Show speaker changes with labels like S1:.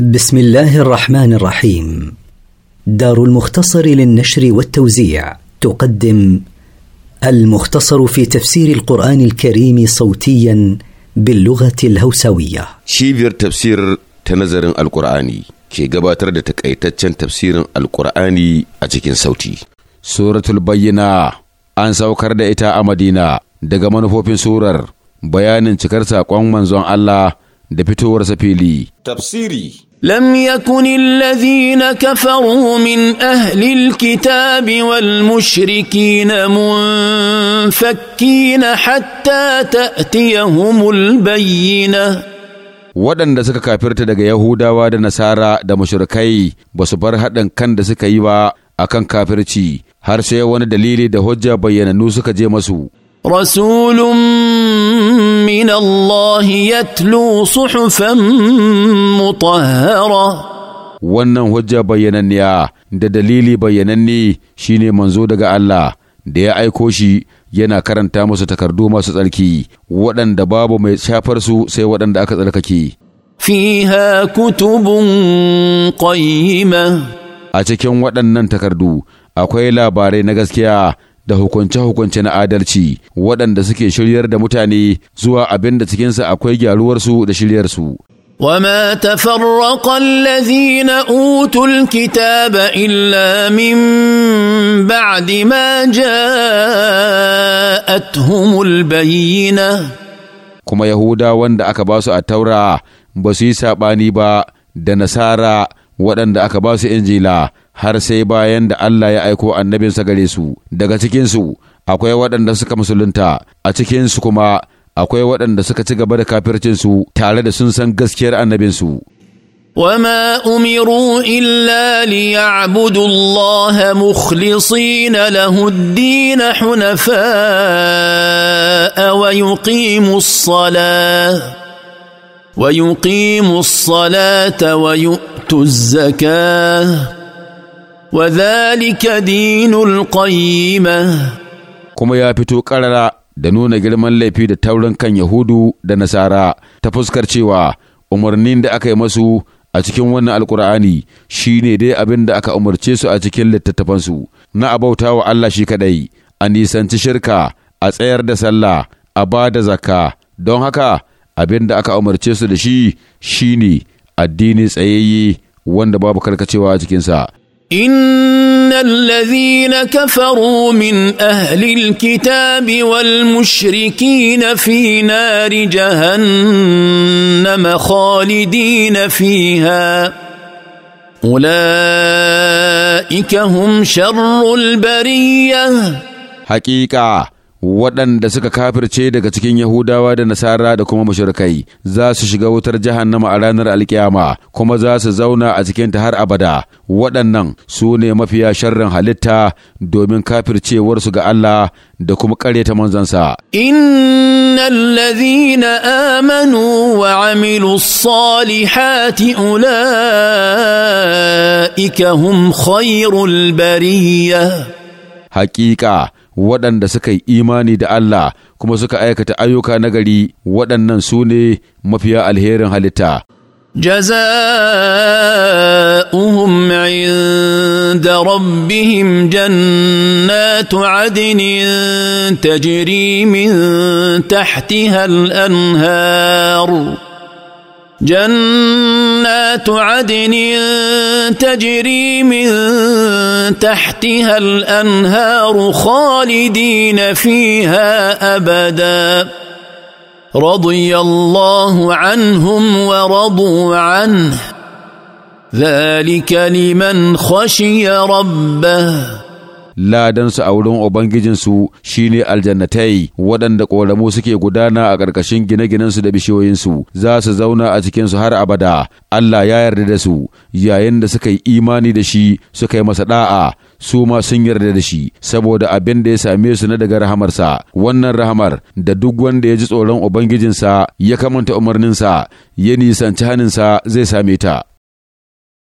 S1: بسم الله الرحمن الرحيم دار المختصر للنشر والتوزيع تقدم المختصر في تفسير القرآن الكريم صوتيا باللغة الهوسوية
S2: شيفير تفسير تنزر القرآني كي قباتر تكأيتتشن تفسير القرآني أتكين صوتي سورة البينة أن سوكر دا إتا دقمان فوفين سورر bayanin cikar قوان منزوان الله da fitowarsa fili.
S1: Tafsiri لم يكن الذين كفروا من اهل الكتاب والمشركين منفكين حتى تاتيهم البينه
S2: waɗanda suka kafirta daga Yahudawa da Nasara da mashirkai ba su bar haɗin kan da suka yi ba a kan kafirci har sai wani dalili da hujja bayyananu suka je masu.
S1: Rasulun من الله يتلو صحفا wannan
S2: hujja bayyananniya da dalili bayyananne shine manzo daga Allah da ya aiko shi yana karanta musu takardu masu tsarki waɗanda babu mai shafar su sai waɗanda aka tsarkake fiha kutubun qayyima a cikin waɗannan takardu akwai labarai na gaskiya da hukunce-hukunce na adalci waɗanda suke shiryar da mutane zuwa abinda cikinsa akwai gyaruwarsu da shiryarsu.
S1: وما تفرق الذين اوتوا الكتاب الا من بعد ما جاءتهم bayyina.
S2: kuma yahuda wanda aka basu a taura ba su yi saɓani ba da nasara waɗanda aka ba su injila har sai bayan da Allah ya aiko annabinsa gare su daga cikinsu akwai waɗanda suka musulunta a cikinsu kuma akwai waɗanda suka ci gaba da kafircinsu tare da sun san gaskiyar annabinsu
S1: وما امروا الا ليعبدوا الله مخلصين له الدين حنفاء ويقيموا الصلاه ويقيموا الصلاه واتوا الزكاه وذلك دين
S2: kuma ya fito ƙarara da nuna girman laifi da taurin kan yahudu da nasara ta fuskar cewa umarnin da aka yi masu a cikin wannan alkur'ani shine dai abin da aka umarce su a cikin littattafansu na abauta wa allah shi kadai a nisanci shirka a tsayar da sallah a ba da zakka don haka abin da aka umarce su da shi shine addini tsayayye wanda babu karkacewa a cikinsa.
S1: ان الذين كفروا من اهل الكتاب والمشركين في نار جهنم خالدين فيها اولئك هم شر البريه
S2: حقيقه waɗanda suka kafirce daga cikin Yahudawa da Nasara da kuma mushrikai za su shiga wutar jahannama a ranar alkiyama kuma za su zauna a cikinta har abada waɗannan su ne mafiya sharrin halitta domin kafircewarsu ga Allah da kuma ƙaryata manzansa.
S1: Innal amanu wa amilu salihati ula'ika hum khairul bariyya.
S2: Haƙiƙa. waɗanda suka yi imani da Allah kuma suka aikata ayyuka nagari waɗannan su ne mafiya alherin halitta.
S1: جزاؤهم عند ربهم جنات عدن تجري من تحتها الأنهار جنات عدن تجري من تحتها الانهار خالدين فيها ابدا رضي الله عنهم ورضوا عنه ذلك لمن خشي ربه
S2: ladansu a wurin Ubangijinsu shi ne aljannatai waɗanda ƙoramu suke gudana a ƙarƙashin gine-ginensu da bishiyoyinsu za su zauna a cikinsu har abada. Allah ya yarda da su yayin da suka yi imani da shi suka yi masa ɗa'a su ma sun yarda da shi saboda abin da ya same su na daga rahamarsa wannan rahamar da duk wanda ya ji tsoron ubangijinsa ya kamanta umarninsa ya nisanci haninsa zai same ta